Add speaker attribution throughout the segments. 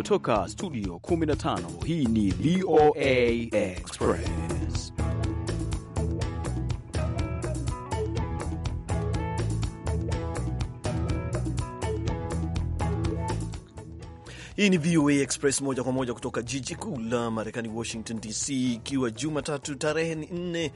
Speaker 1: kutoka studio 15 hii ni VOA Express. Hii ni VOA Express moja kwa moja kutoka jiji kuu la Marekani, Washington DC, ikiwa Jumatatu tarehe 4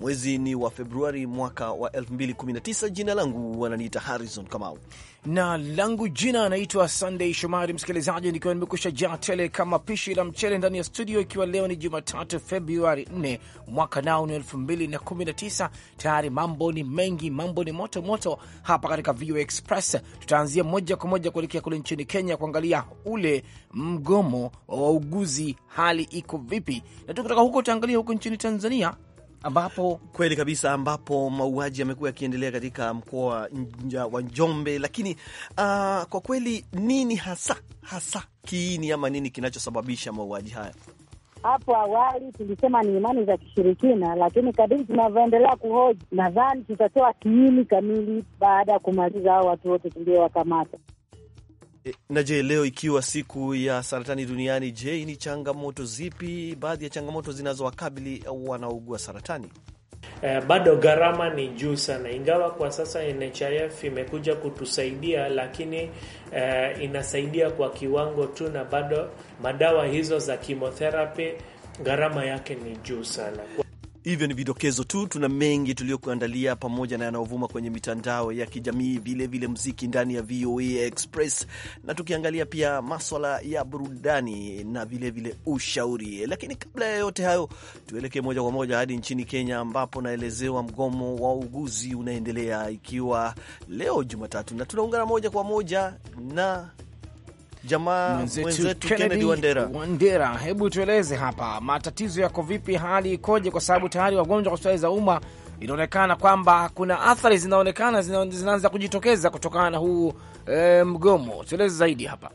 Speaker 1: mwezi ni wa Februari
Speaker 2: mwaka wa 2019. Jina langu wananiita Harrison Kamau na langu jina anaitwa Sunday Shomari. Msikilizaji, nikiwa nimekusha jaa tele kama pishi la mchele ndani ya studio, ikiwa leo ni Jumatatu Februari 4 mwaka nao ni 2019. Tayari mambo ni mengi, mambo ni moto moto hapa katika VOA Express. Tutaanzia moja kwa moja kuelekea kule nchini Kenya kuangalia ule mgomo wa wauguzi, hali iko vipi, na tukitoka huko tutaangalia huko nchini Tanzania ambapo kweli kabisa, ambapo
Speaker 1: mauaji yamekuwa yakiendelea katika mkoa wa Njombe. Lakini uh, kwa kweli nini hasa hasa kiini ama nini kinachosababisha mauaji haya?
Speaker 3: Hapo awali tulisema ni imani za kishirikina, lakini kadiri tunavyoendelea kuhoji, nadhani tutatoa kiini kamili baada ya kumaliza hao watu wote tuliowakamata.
Speaker 1: Eh, na je, leo ikiwa siku ya saratani duniani, je, ni changamoto zipi
Speaker 4: baadhi ya changamoto zinazowakabili wanaougua saratani? Eh, bado gharama ni juu sana, ingawa kwa sasa NHIF imekuja kutusaidia, lakini eh, inasaidia kwa kiwango tu, na bado madawa hizo za chemotherapy gharama yake ni juu sana.
Speaker 1: Hivyo ni vidokezo tu, tuna mengi tuliyokuandalia pamoja na yanayovuma kwenye mitandao ya kijamii, vilevile mziki ndani ya VOA Express, na tukiangalia pia maswala ya burudani na vilevile vile ushauri. Lakini kabla ya yote hayo, tuelekee moja kwa moja hadi nchini Kenya, ambapo naelezewa mgomo wa uguzi unaendelea ikiwa leo Jumatatu, na tunaungana moja kwa moja na jamaa mwenzetu Kennedy Wandera.
Speaker 2: Wandera, hebu tueleze hapa matatizo yako vipi, hali ikoje? Kwa sababu tayari wagonjwa wa hospitali za umma inaonekana kwamba kuna athari zinaonekana zinaanza kujitokeza kutokana na huu e, mgomo. Tueleze zaidi hapa.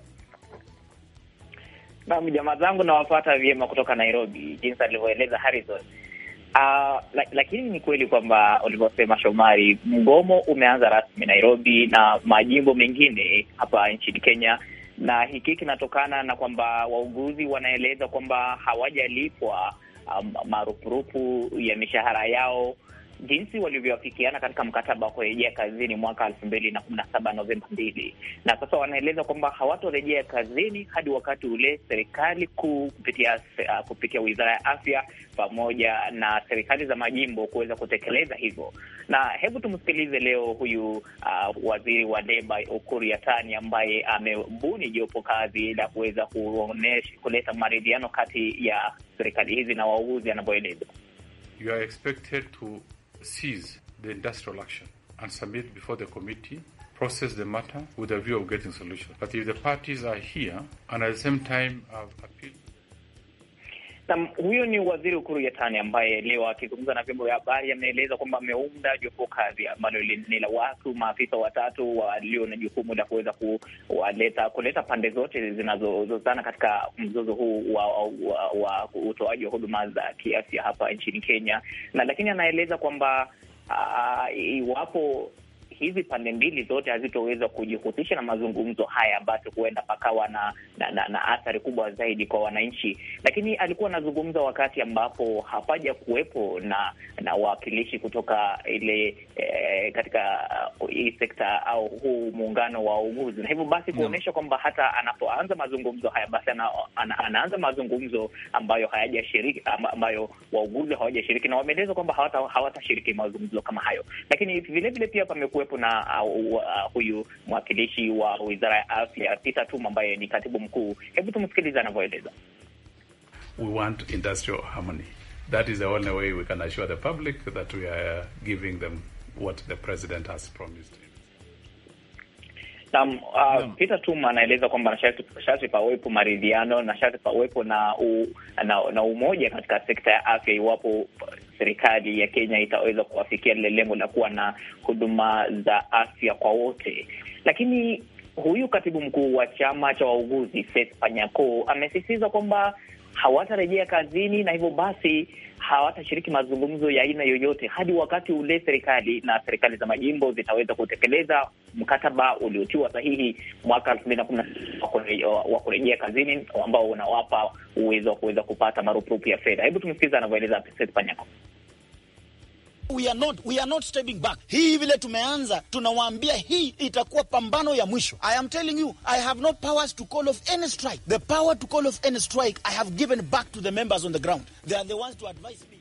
Speaker 5: Naam, jamaa zangu nawapata vyema kutoka Nairobi, jinsi alivyoeleza Harrison. Uh, lakini ni kweli kwamba ulivyosema Shomari, mgomo umeanza rasmi Nairobi na majimbo mengine hapa nchini Kenya na hiki kinatokana na kwamba wauguzi wanaeleza kwamba hawajalipwa um, marupurupu ya mishahara yao jinsi walivyoafikiana katika mkataba wa kurejea kazini mwaka elfu mbili na kumi na saba Novemba mbili, na sasa wanaeleza kwamba hawatorejea kazini hadi wakati ule serikali kuu kupitia uh, kupitia wizara ya afya pamoja na serikali za majimbo kuweza kutekeleza hivyo. Na hebu tumsikilize leo huyu uh, waziri wa leba Ukuru Yatani ambaye amebuni jopo kazi la kuweza kuleta maridhiano kati ya serikali hizi na wauguzi, anavyoeleza.
Speaker 6: You are expected to seize the industrial action and submit before the committee, process the matter with a view of getting solutions. But if the parties are here and at the same time have appealed
Speaker 5: Nam, huyo ni waziri Ukuru Yatani ambaye leo akizungumza na vyombo vya habari ameeleza kwamba ameunda jopo kazi ambalo ni la watu maafisa watatu walio na jukumu la kuweza kuwaleta kuleta pande zote zinazozozana katika mzozo huu wa, wa, wa, wa utoaji wa huduma za kiafya hapa nchini Kenya, na lakini anaeleza kwamba Uh, iwapo hizi pande mbili zote hazitoweza kujihusisha na mazungumzo haya, basi huenda pakawa na, na, na, na athari kubwa zaidi kwa wananchi. Lakini alikuwa anazungumza wakati ambapo hapaja kuwepo na na wawakilishi kutoka ile e, katika uh, hii uh, sekta au huu muungano wa uuguzi, na hivyo basi kuonyesha kwamba hata anapoanza mazungumzo haya basi ana, ana, anaanza mazungumzo ambayo hayajashiriki, ambayo wauguzi hawajashiriki, na wameeleza kwamba hawatashiriki hawata mazungumzo kama hayo, lakini vilevile pia pamekuwepo tukiwepo na uh, uh, huyu mwakilishi wa wizara ya afya Peter Tum ambaye ni katibu mkuu. Hebu tumsikilize anavyoeleza.
Speaker 6: We want industrial harmony. That is the only way we can assure the public that we are giving them what the president has promised.
Speaker 5: Naam, uh, Peter Tum anaeleza kwamba na sharti pawepo maridhiano na sharti pawepo na, u, na, na umoja katika sekta ya afya iwapo serikali ya Kenya itaweza kuwafikia lile lengo la kuwa na huduma za afya kwa wote. Lakini huyu katibu mkuu wa chama cha wauguzi Seth Panyako amesisitiza kwamba hawatarejea kazini na hivyo basi hawatashiriki mazungumzo ya aina yoyote hadi wakati ule serikali na serikali za majimbo zitaweza kutekeleza mkataba uliotiwa sahihi mwaka elfu mbili na kumi na sita wa kurejea kazini ambao unawapa uwezo wa kuweza kupata marupurupu ya fedha. Hebu tumsikiza anavyoeleza Seth Panyako.
Speaker 2: We are not, we are not stepping back. Hii vile tumeanza, tunawaambia hii itakuwa pambano ya mwisho. I am telling you, I have no powers to call off any strike. The power to call off any strike I have given back to the members on the ground. They are the ones to advise me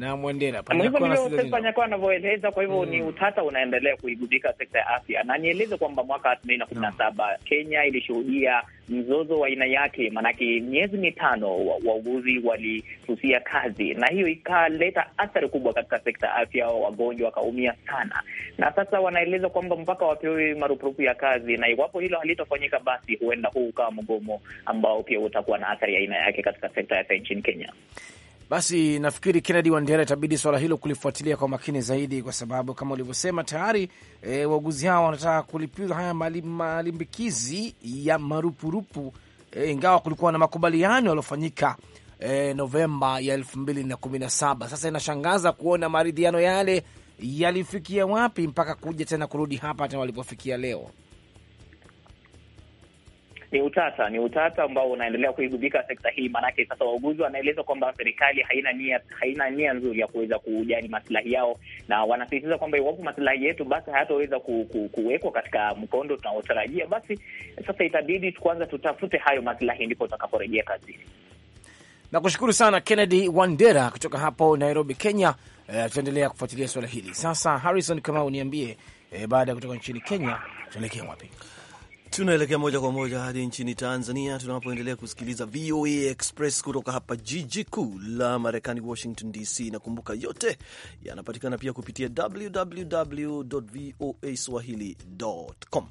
Speaker 2: na Mwandera Panyakwa
Speaker 5: anavyoeleza. Kwa hivyo hmm. ni utata unaendelea kuigubika sekta ya afya, na nieleze kwamba mwaka 2017 na kumi na saba hmm. Kenya ilishuhudia mzozo wa aina yake, maanake miezi mitano wauguzi walisusia kazi, na hiyo ikaleta athari kubwa katika sekta ya afya. Wagonjwa wakaumia sana, na sasa wanaeleza kwamba mpaka wapewe marupurupu ya kazi, na iwapo hilo halitofanyika, basi huenda huu ukawa mgomo ambao pia utakuwa na athari ya aina yake katika sekta ya afya nchini Kenya.
Speaker 2: Basi nafikiri Kennedy Wandera, itabidi swala hilo kulifuatilia kwa makini zaidi, kwa sababu kama ulivyosema tayari e, wauguzi hao wanataka kulipiza haya malimbikizi ya marupurupu e, ingawa kulikuwa na makubaliano yaliyofanyika e, Novemba ya elfu mbili na kumi na saba. Sasa inashangaza kuona maridhiano yale yalifikia wapi mpaka kuja tena kurudi hapa tena walipofikia leo
Speaker 5: ni utata, ni utata ambao unaendelea kuigubika sekta hii. Maanake sasa wauguzi wanaeleza kwamba serikali haina nia, haina nia nzuri ya kuweza kujali masilahi yao, na wanasisitiza kwamba iwapo masilahi yetu basi hayataweza ku, ku, kuwekwa katika mkondo tunaotarajia, basi sasa itabidi kwanza tutafute hayo masilahi ndipo tutakaporejea kazini.
Speaker 2: Nakushukuru sana Kennedy Wandera kutoka hapo Nairobi, Kenya. Uh, tutaendelea kufuatilia suala hili. Sasa Harrison, kama uniambie, uh, eh, baada ya kutoka nchini Kenya tuelekea wapi?
Speaker 1: Tunaelekea moja kwa moja hadi nchini Tanzania tunapoendelea kusikiliza VOA Express kutoka hapa jiji kuu la Marekani, Washington DC. Nakumbuka yote yanapatikana pia kupitia www voa swahili.com.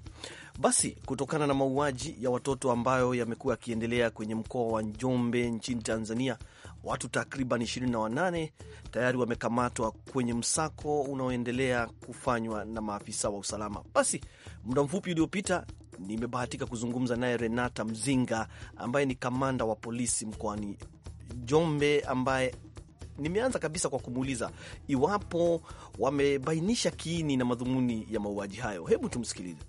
Speaker 1: Basi, kutokana na mauaji ya watoto ambayo yamekuwa yakiendelea kwenye mkoa wa Njombe nchini Tanzania, Watu takriban 28 tayari wamekamatwa kwenye msako unaoendelea kufanywa na maafisa wa usalama. Basi muda mfupi uliopita nimebahatika kuzungumza naye Renata Mzinga ambaye ni kamanda wa polisi mkoani Jombe, ambaye nimeanza kabisa kwa kumuuliza iwapo wamebainisha kiini na madhumuni ya mauaji hayo. Hebu tumsikilize.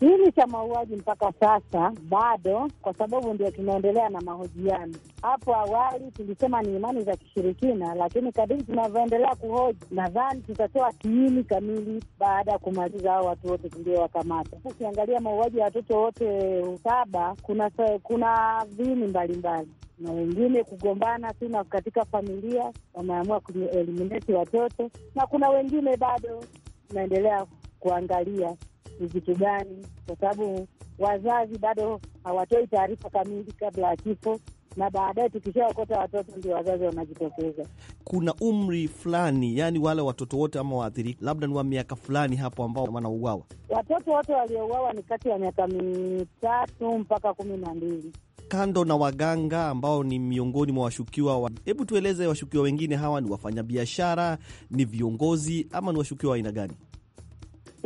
Speaker 3: Hili cha mauaji mpaka sasa bado, kwa sababu ndio tunaendelea na mahojiano. Hapo awali tulisema ni imani za kishirikina, lakini kadiri tunavyoendelea kuhoji, nadhani tutatoa kiini kamili baada ya kumaliza hao watu wote tuliowakamata. Ukiangalia mauaji ya watoto wote saba, kuna kuna vini mbalimbali na wengine kugombana tu na katika familia wameamua kueliminati watoto, na kuna wengine bado tunaendelea kuangalia ni vitu gani, kwa sababu wazazi bado hawatoi taarifa kamili kabla ya kifo, na baadaye tukishaokota watoto ndio wazazi wanajitokeza.
Speaker 1: Kuna umri fulani, yani wale watoto wote ama waathirika labda ni wa miaka fulani hapo ambao wanauawa.
Speaker 3: Watoto wote waliouawa ni kati ya miaka mitatu mpaka kumi na mbili
Speaker 1: kando na waganga ambao ni miongoni mwa washukiwa. Hebu tueleze washukiwa wengine hawa ni wafanyabiashara, ni viongozi ama ni washukiwa wa aina gani?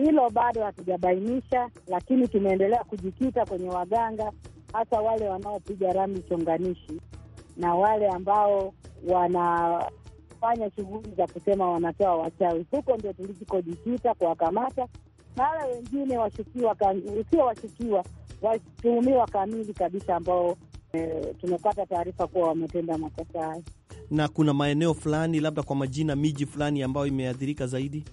Speaker 3: Hilo bado hatujabainisha, lakini tumeendelea kujikita kwenye waganga, hasa wale wanaopiga rami chonganishi na wale ambao wanafanya shughuli za kusema wanatoa wachawi. Huko ndio tulikojikita kuwakamata, na wale wengine washukiwa, sio washukiwa, watuhumiwa kamili kabisa ambao e, tumepata taarifa kuwa wametenda makosa hayo.
Speaker 1: Na kuna maeneo fulani, labda kwa majina, miji fulani ambayo imeathirika zaidi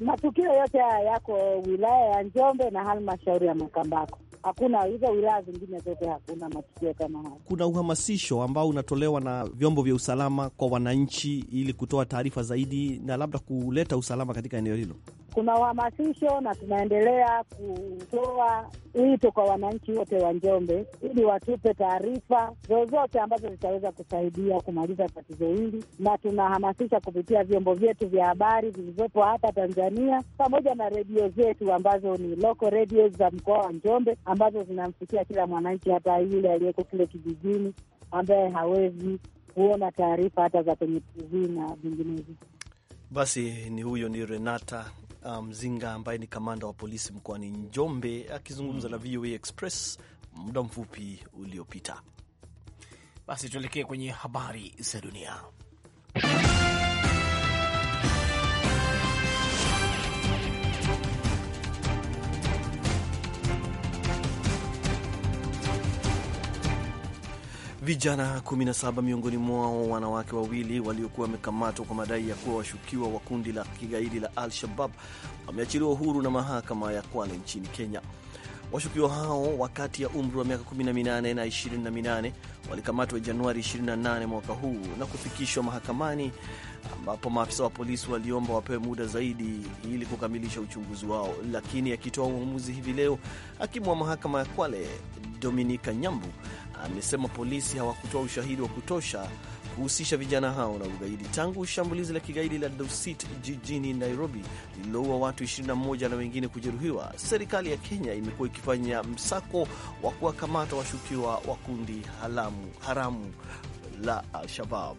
Speaker 3: Matukio yote haya yako wilaya ya Njombe na halmashauri ya Makambako. Hakuna hizo wilaya zingine zote, hakuna matukio kama haya.
Speaker 1: Kuna uhamasisho ambao unatolewa na vyombo vya usalama kwa wananchi, ili kutoa taarifa zaidi na labda kuleta usalama katika eneo hilo
Speaker 3: kuna uhamasisho na tunaendelea kutoa wito kwa wananchi wote wa Njombe ili watupe taarifa zozote ambazo zitaweza kusaidia kumaliza tatizo hili, na tunahamasisha kupitia vyombo vyetu vya habari vilivyopo hapa Tanzania pamoja na redio zetu ambazo ni local radios za mkoa wa Njombe ambazo zinamfikia kila mwananchi, hata yule aliyeko kule kijijini ambaye hawezi kuona taarifa hata za kwenye TV na vinginevyo.
Speaker 1: Basi ni huyo ni Renata Mzinga um, ambaye ni kamanda wa polisi mkoani Njombe akizungumza na mm. VOA Express muda mfupi uliopita. Basi tuelekee
Speaker 2: kwenye habari za dunia.
Speaker 1: Vijana 17 miongoni mwao wanawake wawili waliokuwa wamekamatwa kwa madai ya kuwa washukiwa wa kundi la kigaidi la Al-Shabab wameachiliwa uhuru na mahakama ya Kwale nchini Kenya. Washukiwa hao wakati ya umri wa miaka 18 na 28 walikamatwa Januari 28 mwaka huu na kufikishwa mahakamani ambapo maafisa wa polisi waliomba wapewe muda zaidi ili kukamilisha uchunguzi wao. Lakini akitoa uamuzi hivi leo, hakimu wa mahakama ya Kwale Dominika Nyambu amesema polisi hawakutoa ushahidi wa kutosha kuhusisha vijana hao na ugaidi tangu shambulizi la kigaidi la Dusit jijini Nairobi lililoua watu 21 na wengine kujeruhiwa. Serikali ya Kenya imekuwa ikifanya msako wa kuwakamata washukiwa wa kundi halamu, haramu la Al-Shabab.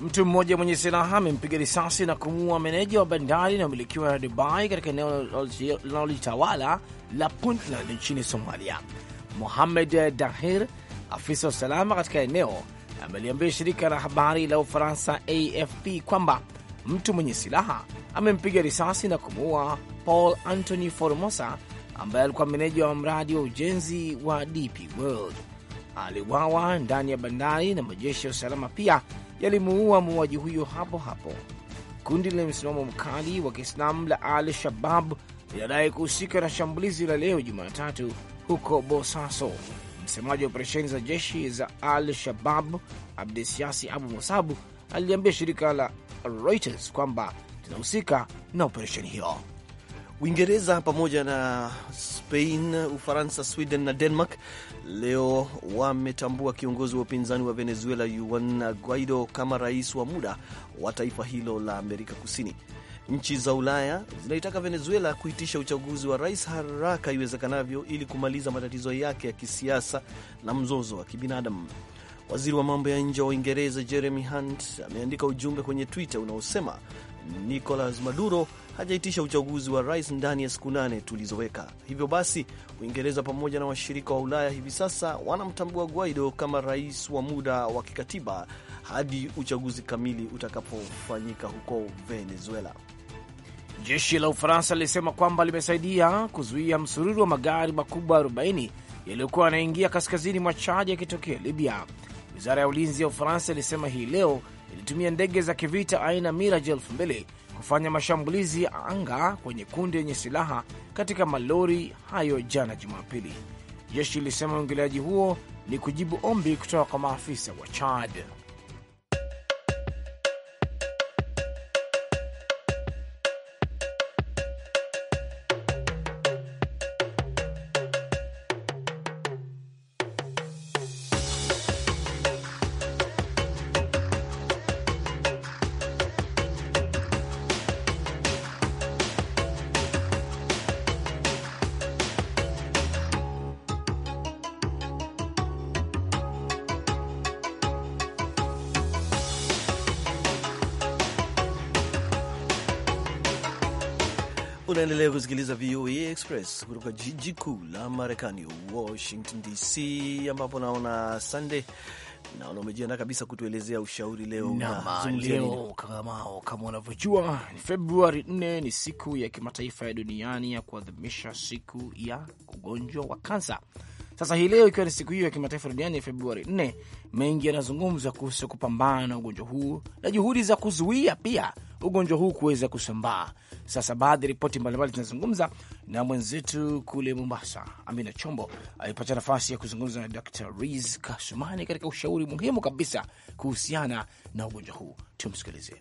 Speaker 2: Mtu mmoja mwenye silaha amempiga risasi na kumuua meneja wa bandari inayomilikiwa na Dubai katika eneo linalojitawala la Puntland nchini Somalia. Mohamed Dahir, afisa wa usalama katika eneo, ameliambia shirika la habari la Ufaransa AFP kwamba mtu mwenye silaha amempiga risasi na kumuua Paul Anthony Formosa ambaye alikuwa meneja wa mradi wa ujenzi wa DP World. Aliwawa ndani ya bandari na majeshi ya usalama pia yalimuua muuaji huyo hapo hapo. Kundi lenye msimamo mkali wa Kiislamu la Al Shabab linadai kuhusika na shambulizi la leo Jumatatu huko Bosaso. Msemaji wa operesheni za jeshi za Al Shabab Abdesiasi Abu Musabu aliliambia shirika la Reuters kwamba tunahusika na operesheni hiyo. Uingereza pamoja na Spain,
Speaker 1: Ufaransa, Sweden na Denmark leo wametambua kiongozi wa upinzani wa Venezuela Juan Guaido kama rais wa muda wa taifa hilo la Amerika Kusini. Nchi za Ulaya zinaitaka Venezuela kuitisha uchaguzi wa rais haraka iwezekanavyo ili kumaliza matatizo yake ya kisiasa na mzozo wa kibinadamu. Waziri wa mambo ya nje wa Uingereza Jeremy Hunt ameandika ujumbe kwenye Twitter unaosema Nicolas Maduro hajaitisha uchaguzi wa rais ndani ya siku nane tulizoweka. Hivyo basi, Uingereza pamoja na washirika wa Ulaya hivi sasa wanamtambua Guaido kama rais wa muda wa
Speaker 2: kikatiba hadi uchaguzi kamili utakapofanyika huko Venezuela. Jeshi la Ufaransa lilisema kwamba limesaidia kuzuia msururu wa magari makubwa 40 yaliyokuwa yanaingia kaskazini mwa Chad yakitokea Libya. Wizara ya ulinzi ya Ufaransa ilisema hii leo ilitumia ndege za kivita aina Mirage 2000 kufanya mashambulizi ya anga kwenye kundi yenye silaha katika malori hayo jana Jumapili. Jeshi lilisema uingiliaji huo ni kujibu ombi kutoka kwa maafisa wa Chad.
Speaker 1: Unaendelea kusikiliza VOA Express kutoka jiji kuu la Marekani, Washington DC, ambapo naona Sunday naona umejiandaa
Speaker 2: kabisa kutuelezea ushauri leo. Leo Kama kama unavyojua, Februari 4 ni siku ya kimataifa ya duniani ya kuadhimisha siku ya ugonjwa wa kansa. Sasa hii leo ikiwa ni siku hiyo ya kimataifa duniani ya Februari 4, mengi yanazungumzwa kuhusu kupambana na ugonjwa huu na juhudi za kuzuia pia ugonjwa huu kuweza kusambaa. Sasa baadhi ya ripoti mbalimbali zinazungumza, na mwenzetu kule Mombasa, Amina Chombo alipata nafasi ya kuzungumza na Dr Riz Kasumani katika ushauri muhimu kabisa kuhusiana na ugonjwa huu. Tumsikilize.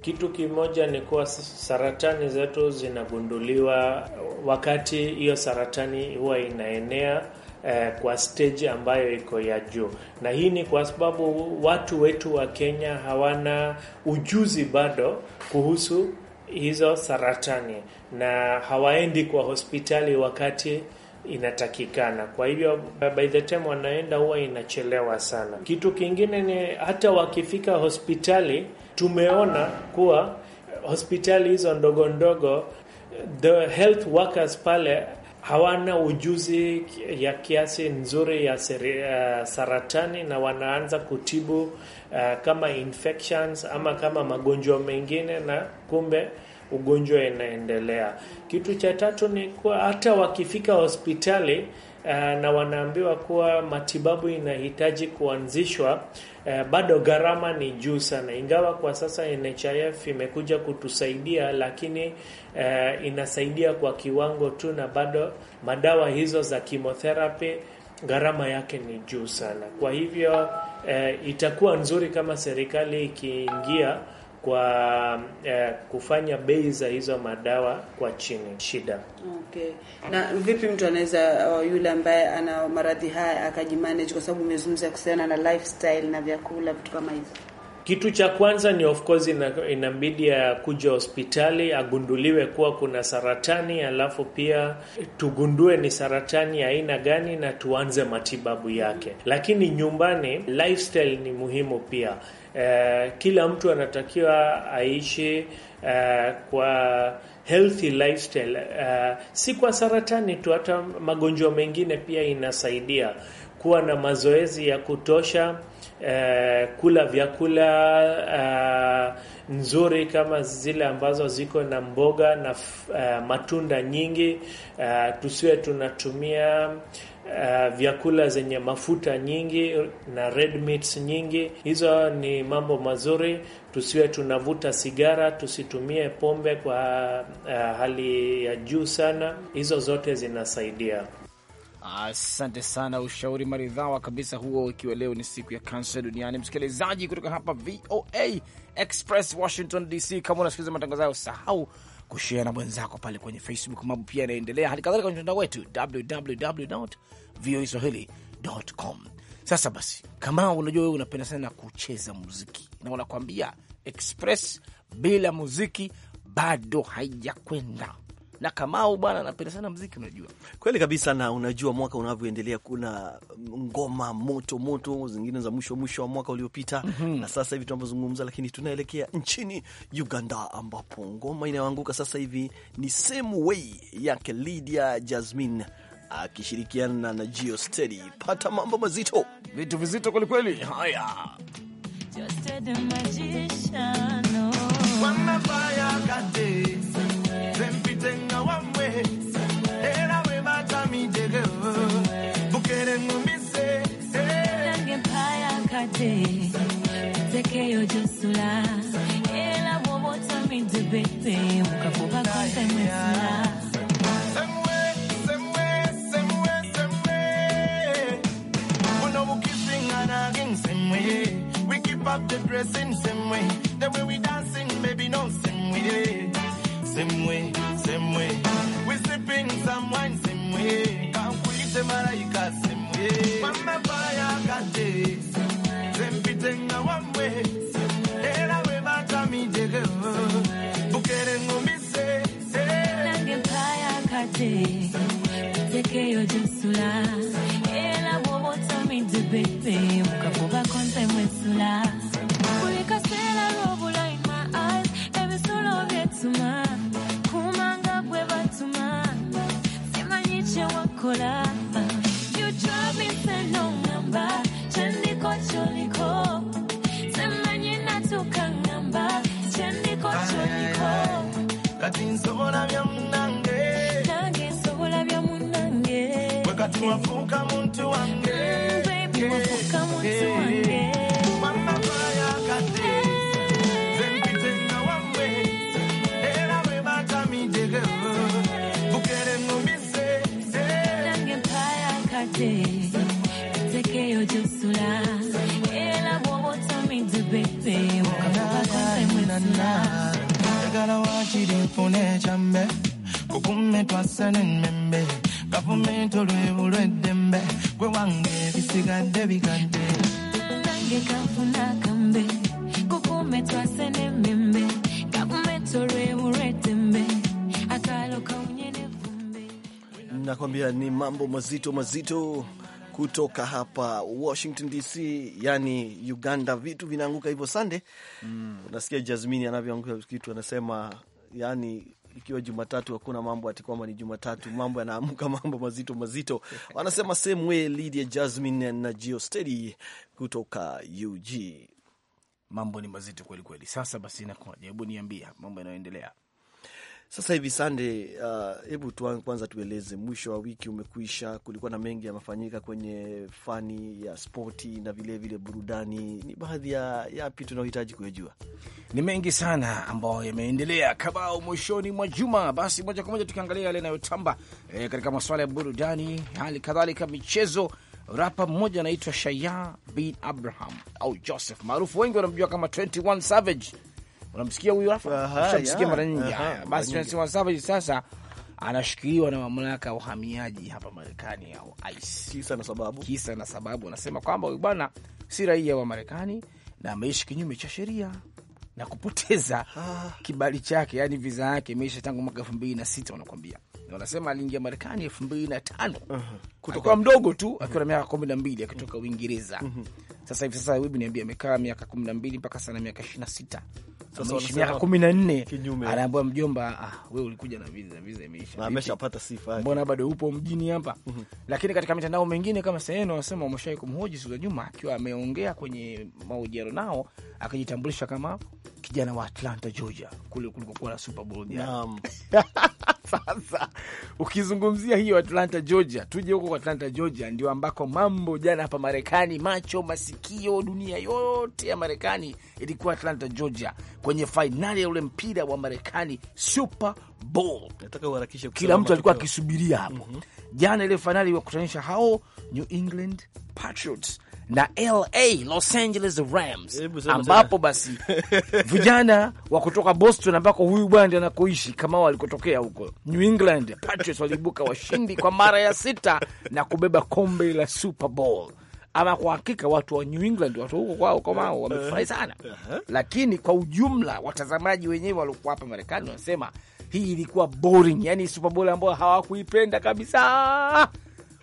Speaker 4: Kitu kimoja ni kuwa saratani zetu zinagunduliwa wakati hiyo saratani huwa inaenea eh, kwa stage ambayo iko ya juu, na hii ni kwa sababu watu wetu wa Kenya hawana ujuzi bado kuhusu hizo saratani na hawaendi kwa hospitali wakati inatakikana. Kwa hivyo by the time wanaenda huwa inachelewa sana. Kitu kingine ni hata wakifika hospitali, tumeona kuwa hospitali hizo ndogo ndogo, the health workers pale hawana ujuzi ya kiasi nzuri ya seri, uh, saratani na wanaanza kutibu uh, kama infections ama kama magonjwa mengine na kumbe ugonjwa inaendelea. Kitu cha tatu ni kuwa hata wakifika hospitali Uh, na wanaambiwa kuwa matibabu inahitaji kuanzishwa, uh, bado gharama ni juu sana, ingawa kwa sasa NHIF imekuja kutusaidia, lakini uh, inasaidia kwa kiwango tu, na bado madawa hizo za chemotherapy gharama yake ni juu sana. Kwa hivyo uh, itakuwa nzuri kama serikali ikiingia kwa eh, kufanya bei za hizo madawa kwa chini shida.
Speaker 3: Okay, na vipi mtu anaweza uh, yule ambaye ana maradhi haya akajimanage? Kwa sababu umezungumza kuhusiana na lifestyle na vyakula, vitu kama hizo.
Speaker 4: Kitu cha kwanza ni of course ina, inabidi ya kuja hospitali agunduliwe kuwa kuna saratani, alafu pia tugundue ni saratani ya aina gani na tuanze matibabu yake. Mm-hmm. Lakini nyumbani lifestyle ni muhimu pia. Eh, kila mtu anatakiwa aishi uh, kwa healthy lifestyle uh, si kwa saratani tu, hata magonjwa mengine pia inasaidia kuwa na mazoezi ya kutosha uh, kula vyakula uh, nzuri kama zile ambazo ziko na mboga na uh, matunda nyingi uh, tusiwe tunatumia uh, vyakula zenye mafuta nyingi na red meats nyingi. Hizo ni mambo mazuri. Tusiwe tunavuta sigara, tusitumie pombe kwa uh, hali ya juu sana. Hizo zote zinasaidia.
Speaker 2: Asante sana, ushauri maridhawa kabisa huo, ikiwa leo ni siku ya kansa duniani. Msikilizaji kutoka hapa VOA Express Washington DC, kama unasikiliza matangazo hayo, sahau kushare na mwenzako pale kwenye Facebook. Mambo pia yanaendelea, hali kadhalika kwenye mtandao wetu www.voaswahili.com. Sasa basi, kama unajua wewe unapenda sana kucheza muziki, na wanakuambia express bila muziki bado haijakwenda na Kamau bwana anapenda sana mziki, unajua kweli kabisa. Na
Speaker 1: unajua mwaka unavyoendelea, kuna ngoma moto moto zingine za mwisho mwisho wa mwaka uliopita mm -hmm. na sasa hivi tunavyozungumza, lakini tunaelekea nchini Uganda ambapo ngoma inayoanguka sasa hivi ni Same Way yake Lydia Jasmine akishirikiana na Geo Steady. Pata mambo mazito, vitu vizito kwelikweli. Haya
Speaker 7: baby. Take care of just la. Ela wobo tell me the baby. Mukafuba konte mwesla. We keep up the dressing same way. The way we dancing, baby, no same way. Same way, same way. We sipping some wine same way. Can't quit the Mama fire can't Latin soul, I'm katiwavuka muntu wange Gotta watch membe gavumenti olwebu gwe wange ebisigadde bigadde nange kanfuna akambe kukuume twase n'emmembe gavumenti olwebu akalo nevumbe
Speaker 1: nakwambia ni mambo mazito mazito kutoka hapa Washington DC, yani Uganda, vitu vinaanguka hivyo sande. Mm, unasikia Jasmine anavyoanguka kitu, anasema yani ikiwa Jumatatu, hakuna mambo ati kwamba ni Jumatatu, mambo yanaamka, mambo mazito mazito, wanasema same way. Lydia Jasmine na Geostedi kutoka UG,
Speaker 2: mambo ni mazito kweli kweli. Sasa basi, nakuwa jaribu niambia mambo yanayoendelea
Speaker 1: sasa hivi Sande, uh, hebu uh, kwanza, tueleze, mwisho wa wiki umekwisha, kulikuwa na mengi yamefanyika kwenye fani ya spoti na vilevile vile burudani. Ni
Speaker 2: baadhi ya yapi tunaohitaji kuyajua? Ni mengi sana ambayo yameendelea kabao mwishoni mwa juma. Basi moja kwa moja tukiangalia yale yanayotamba e, katika masuala ya burudani, hali kadhalika michezo Rapa mmoja anaitwa Shaya bin Abraham au Joseph, maarufu wengi wanamjua kama 21 Savage unamsikia huyu hapa, ushamsikia mara nyingi. Basi tunasema sasa hivi sasa anashikiliwa na mamlaka ya uhamiaji hapa Marekani au ICE. Kisa na sababu, kisa na sababu, anasema kwamba huyu bwana si raia wa Marekani na ameishi kinyume cha sheria na kupoteza ha, ah. kibali chake, yani viza yake imeisha tangu mwaka elfu mbili na sita wanakwambia wanasema aliingia Marekani elfu mbili na tano uh -huh. kutoka mdogo tu mhm. akiwa na miaka kumi na mbili akitoka Uingereza. uh mhm. -huh. Sasa hivi sasa, wibu niambia, amekaa miaka kumi na mbili mpaka sana miaka ishirini na sita ameishi miaka kumi na nne, anaambiwa mjomba, ah, we ulikuja na viza na viza imeisha, ameshapata sifa, mbona bado upo mjini hapa? Mhm. Lakini katika mitandao mingine kama Seheno wanasema wameshawai kumhoji siku za nyuma, akiwa ameongea kwenye mahojiano nao, akijitambulisha kama kijana wa Atlanta, Georgia kule kulikokuwa na Super Bowl Sasa ukizungumzia hiyo Atlanta, Georgia, tuje huko kwa Atlanta, Georgia ndio ambako mambo jana hapa Marekani, macho masikio, dunia yote ya Marekani ilikuwa Atlanta, Georgia, kwenye fainali ya ule mpira wa Marekani, Super ball, kila mtu alikuwa akisubiria hapo. mm -hmm. Jana ile fainali wakutanisha hao New England Patriots na LA Los Angeles Rams, ambapo basi vijana wa kutoka Boston ambako huyu bwana ndiye anakoishi kama walikotokea huko New England Patriots waliibuka washindi kwa mara ya sita na kubeba kombe la Super Bowl. Ama kwa hakika watu wa New England, watu huko kwao kama wamefurahi sana, lakini kwa ujumla watazamaji wenyewe waliokuwa hapa Marekani wanasema hii ilikuwa boring, yani Super Bowl ambayo hawakuipenda kabisa.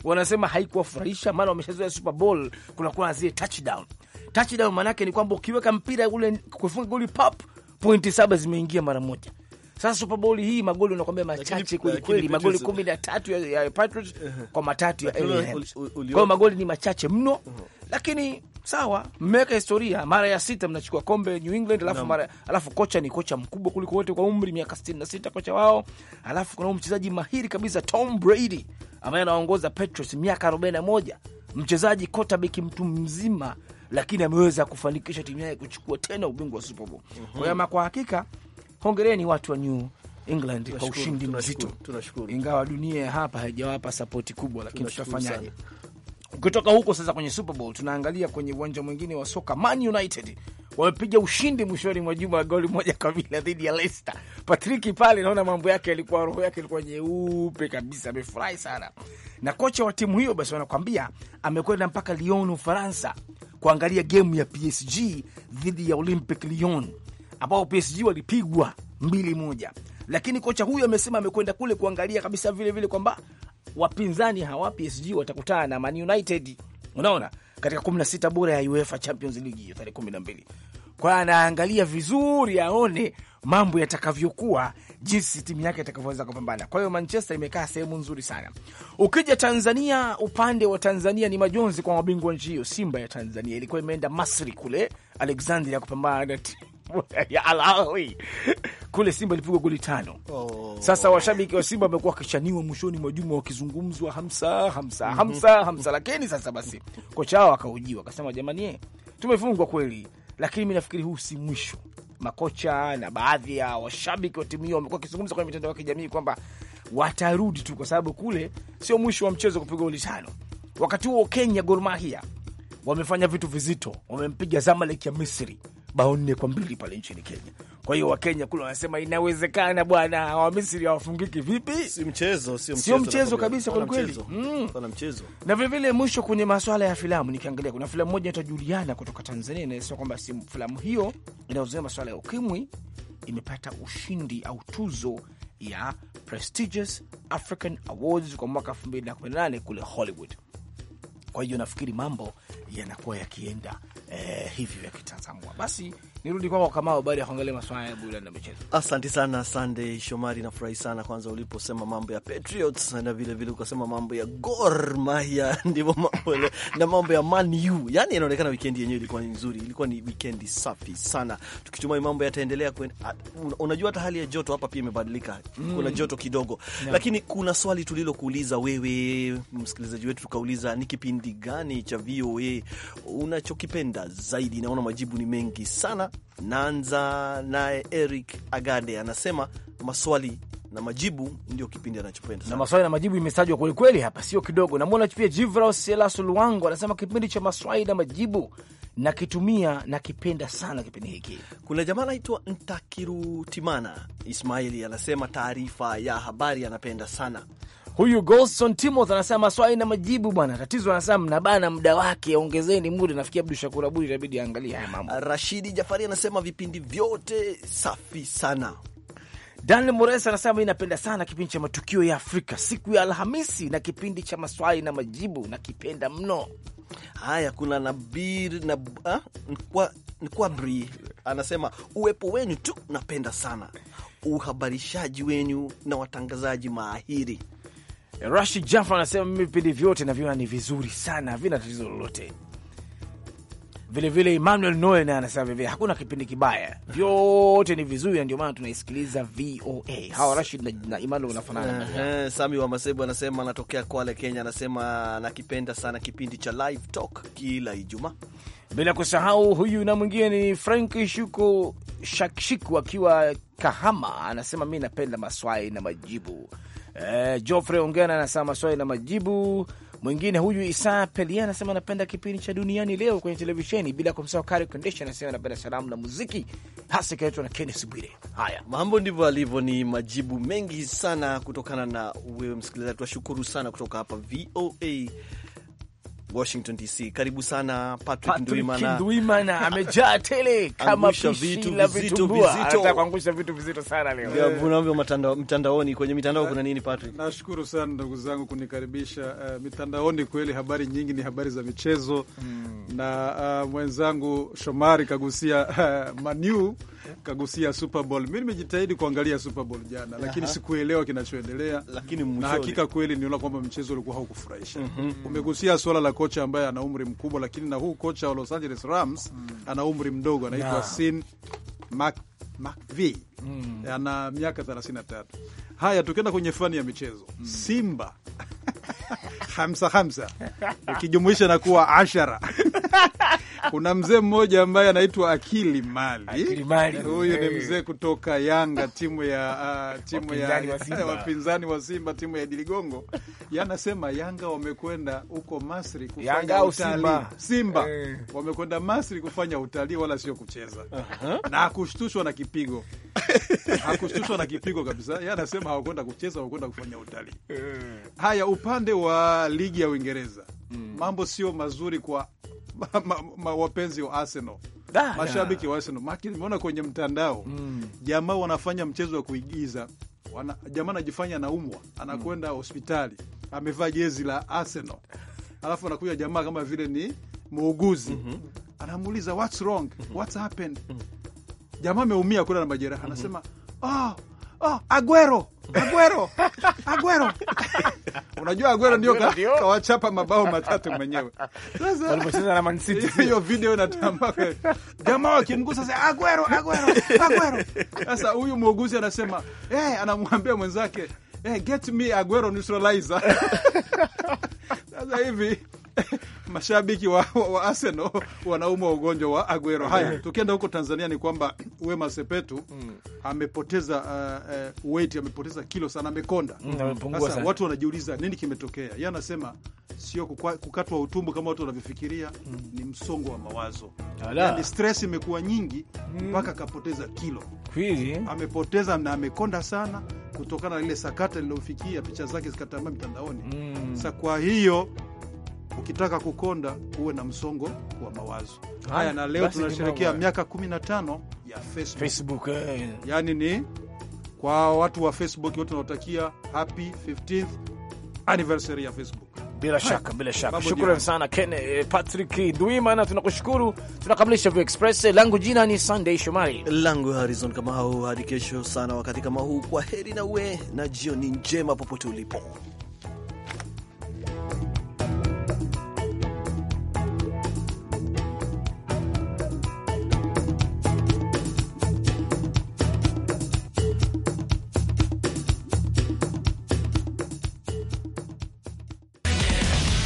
Speaker 2: Wanasema haikuwafurahisha, maana wameshazoea Super Bowl kunakuwa na zile touchdown. Touchdown maanake ni kwamba ukiweka mpira ule kufunga goli pop, pointi saba zimeingia mara moja. Sasa Super Bowl hii magoli unakwambia machache kwelikweli, uh, magoli kumi na tatu ya, ya Patriots uh-huh. kwa matatu ya Eagles, kwa hiyo magoli ni machache mno, uh-huh. lakini sawa, mmeweka historia, mara ya sita mnachukua kombe New England, alafu no. mara alafu kocha ni kocha mkubwa kuliko wote kwa umri, miaka 66 kocha wao, alafu kuna mchezaji mahiri kabisa Tom Brady ambaye anaongoza Patriots miaka 41, mchezaji quarterback mtu mzima, lakini ameweza kufanikisha timu yake kuchukua tena ubingwa wa Super Bowl. mm -hmm. Kwa kwa hakika hongereni watu wa New England kwa ushindi mzito, ingawa dunia hapa haijawapa sapoti kubwa, lakini tutafanyaje? Kutoka huko sasa kwenye Super Bowl tunaangalia kwenye uwanja mwingine wa soka. Man United wamepiga ushindi mwishoni mwa juma goli moja kwa bila dhidi ya Leicester. Patrick pale naona mambo yake yalikuwa, roho yake ilikuwa nyeupe kabisa, amefurahi sana. Na kocha wa timu hiyo basi wanakwambia amekwenda mpaka Lyon, Ufaransa kuangalia gemu ya PSG dhidi ya Olympic Lyon ambao PSG walipigwa mbili moja, lakini kocha huyo amesema amekwenda kule kuangalia kabisa vilevile kwamba wapinzani hawa PSG watakutana na Man United, unaona, katika 16 bora ya UEFA Champions League hiyo tarehe mbili. Kwa anaangalia vizuri aone mambo yatakavyokuwa, jinsi timu yake itakavyoweza kupambana. Kwa hiyo Manchester imekaa sehemu nzuri sana. Ukija Tanzania, upande wa Tanzania ni majonzi kwa mabingwa nchi hiyo. Simba ya Tanzania ilikuwa imeenda Masri kule Alexandria kupambana na ya Al kule Simba ilipigwa goli tano. Oh. Sasa washabiki wa Simba wamekuwa wakishaniwa mwishoni mwa juma wakizungumzwa hamsa hamsa mhm. hamsa hamsa, lakini sasa basi kocha wao akaujiwa akasema, jamani, eh, tumefungwa kweli, lakini mi nafikiri huu si mwisho. Makocha na baadhi ya washabiki wa timu hiyo wamekuwa wakizungumza kwenye mitandao ya kijamii kwamba watarudi tu, kwa sababu kule sio mwisho wa mchezo kupigwa goli tano. Wakati huo Kenya, Gor Mahia wamefanya vitu vizito, wamempiga Zamalek ya Misri bao nne kwa mbili pale nchini Kenya. Kwa hiyo Wakenya kule wanasema inawezekana bwana, Wamisri hawafungiki vipi? Si mchezo, sio mchezo, sio mchezo kabisa kwa kweli mm. Na vilevile mwisho kwenye maswala ya filamu, nikiangalia kuna filamu moja inaitwa Juliana kutoka Tanzania, inaesema kwamba si filamu hiyo inayozoea maswala ya ukimwi imepata ushindi au tuzo ya prestigious African Awards kwa mwaka 2018 kule Hollywood. Kwa hiyo nafikiri mambo yanakuwa yakienda eh, hivyo yakitazamwa basi Nirudi kwako Kamao baada ya kuangalia masuala ya burudani na michezo.
Speaker 1: Asante sana Sande Shomari, nafurahi sana kwanza uliposema mambo ya Patriots na vile vile ukasema mambo ya Gor Mahia ndivyo mambo ile na mambo ya Man U. Yaani inaonekana weekend yenyewe ilikuwa ni nzuri, ilikuwa ni weekend safi sana. Tukitumai mambo yataendelea kwenda. Unajua hata hali ya joto hapa pia imebadilika. Mm. Kuna joto kidogo. Yeah. Lakini kuna swali tulilokuuliza wewe msikilizaji wetu, tukauliza ni kipindi gani cha VOA unachokipenda zaidi? Naona majibu ni mengi sana. Nanza naye Eric Agade anasema maswali na majibu ndio kipindi anachopenda
Speaker 2: sana. Na maswali na majibu imesajwa kweli kweli hapa sio kidogo. Namwona pia Jivraus Selasu Luango anasema kipindi cha maswali na majibu nakitumia nakipenda sana kipindi hiki. Kuna jamaa anaitwa Ntakirutimana Ismaili anasema taarifa ya habari anapenda sana. Huyu Golson Timoth anasema maswali na majibu bwana, tatizo anasema mnabana muda wake, ongezeni muda. Nafikia Abdu Shakur Abud itabidi aangalie haya mambo. Rashidi Jafari anasema vipindi vyote safi sana. Daniel Mores anasema napenda sana kipindi cha matukio ya Afrika siku ya Alhamisi na kipindi cha maswali na majibu na kipenda mno. Haya, kuna Nabir na ah,
Speaker 1: Nkwabri anasema uwepo wenu tu napenda sana uhabarishaji
Speaker 2: wenyu na watangazaji maahiri. Rashi Jafa anasema mimi vipindi vyote navyona ni vizuri sana, havina tatizo lolote. Vilevile Emmanuel Noe naye anasema vivi, hakuna kipindi kibaya, vyote ni vizuri, na ndio maana tunaisikiliza VOA. Hawa Rashid na na Emmanuel wanafanana.
Speaker 1: Sami wa Masebu anasema anatokea Kwale, Kenya, anasema
Speaker 2: anakipenda sana kipindi cha Live Talk kila Ijumaa, bila kusahau huyu na mwingine ni Frank Shuko Shakshiku akiwa Kahama, anasema mi napenda maswali na majibu Eh, Geoffrey Ongena anasema maswali na majibu. Mwingine huyu Isa Pelia anasema anapenda kipindi cha duniani leo kwenye televisheni, bila kumsahau Kari Condition anasema anapenda salamu na muziki, hasa ikaletwa na Kenneth Bwire.
Speaker 1: Haya mambo ndivyo alivyo. Ni majibu mengi sana kutokana na wewe msikilizaji, tunashukuru sana kutoka hapa VOA Washington DC. Karibu sana Patrick Ndwimana. Ndwimana amejaa tele kama pishi vitu la vitumbua. Anataka
Speaker 6: kuangusha vitu vizito sana leo. Unavyo mtandao mtandaoni, kwenye mitandao kuna nini Patrick? Nashukuru sana ndugu zangu kunikaribisha. Uh, mitandaoni kweli habari nyingi ni habari za michezo. Hmm. Na uh, mwenzangu Shomari kagusia uh, Manu kagusia Super Bowl. nimejitahidi kuangalia Super Bowl jana, lakini sikuelewa kinachoendelea, lakini na hakika kweli niona kwamba mchezo ulikuwa haukufurahisha. mm -hmm. Umegusia swala la kocha ambaye ana umri mkubwa, lakini na huu kocha wa Los Angeles Rams mm. ana umri mdogo, anaitwa Sin McVay mm. ana miaka 33. Haya, tukienda kwenye fani ya michezo mm. Simba hamsa hamsa ukijumuisha na kuwa ashara kuna mzee mmoja ambaye anaitwa Akili Mali. Huyu ni mzee kutoka Yanga, timu ya uh, timu wapinzani ya wa Simba. wapinzani wa Simba, timu ya Diligongo. Yanasema Yanga wamekwenda huko Masri kufanya utalii. Simba, wamekwenda Masri kufanya utalii wala sio kucheza uh -huh. na akushtushwa na kipigo hakushtushwa na kipigo kabisa. Yanasema hawakwenda kucheza, hawakwenda kufanya utalii Haya, upande wa ligi ya Uingereza hmm. mambo sio mazuri kwa ma, ma, wapenzi wa Arsenal da, ah, mashabiki wa Arsenal maki, nimeona kwenye mtandao mm. jamaa wanafanya mchezo wa kuigiza wana, jamaa anajifanya anaumwa anakwenda mm. hospitali amevaa jezi la Arsenal alafu anakuja jamaa kama vile ni muuguzi mm -hmm. anamuuliza what's wrong, mhm. what's happened mm -hmm. jamaa ameumia kwenda na majeraha mhm. anasema mm -hmm. oh, oh, Aguero Aguero Aguero unajua Aguero ndio kawachapa mabao matatu mwenyewe.
Speaker 7: Sasa walipocheza
Speaker 6: na Man City, hiyo video inatamba jamaa wakimgusa sasa, Aguero Aguero Aguero. Sasa huyu muuguzi anasema eh, anamwambia mwenzake eh, get me Aguero neutralizer. Sasa hivi mashabiki wa, wa Arsenal wanaumwa ugonjwa wa Aguero. Mm. Haya, tukienda huko Tanzania ni kwamba Wema Sepetu mm. amepoteza uh, uh, weight, amepoteza kilo sana, amekonda mm. Sasa watu wanajiuliza nini kimetokea. Yeye anasema sio kukatwa utumbo kama watu wanavyofikiria mm. ni msongo wa mawazo, yani, stress imekuwa nyingi mm. mpaka mm. akapoteza kilo kweli, amepoteza na amekonda sana kutokana na ile sakata lilofikia picha zake zikatambaa mitandaoni mm. sa kwa hiyo ukitaka kukonda uwe na msongo wa mawazo. Haya, na leo tunasherekea miaka 15 ya Facebook, Facebook eh. Yani ni kwa watu wa Facebook wote wanaotakia happy 15th anniversary ya Facebook. Bila shaka,
Speaker 2: bila shaka. shukran sana Ken eh, Patrick Duimana, tunakushukuru. Tunakamilisha View Express. Eh, langu jina ni Sunday Shomari, langu Harrison Kamau. Hadi kesho sana wakati kama huu, kwa heri
Speaker 1: na uwe na jioni njema popote ulipo.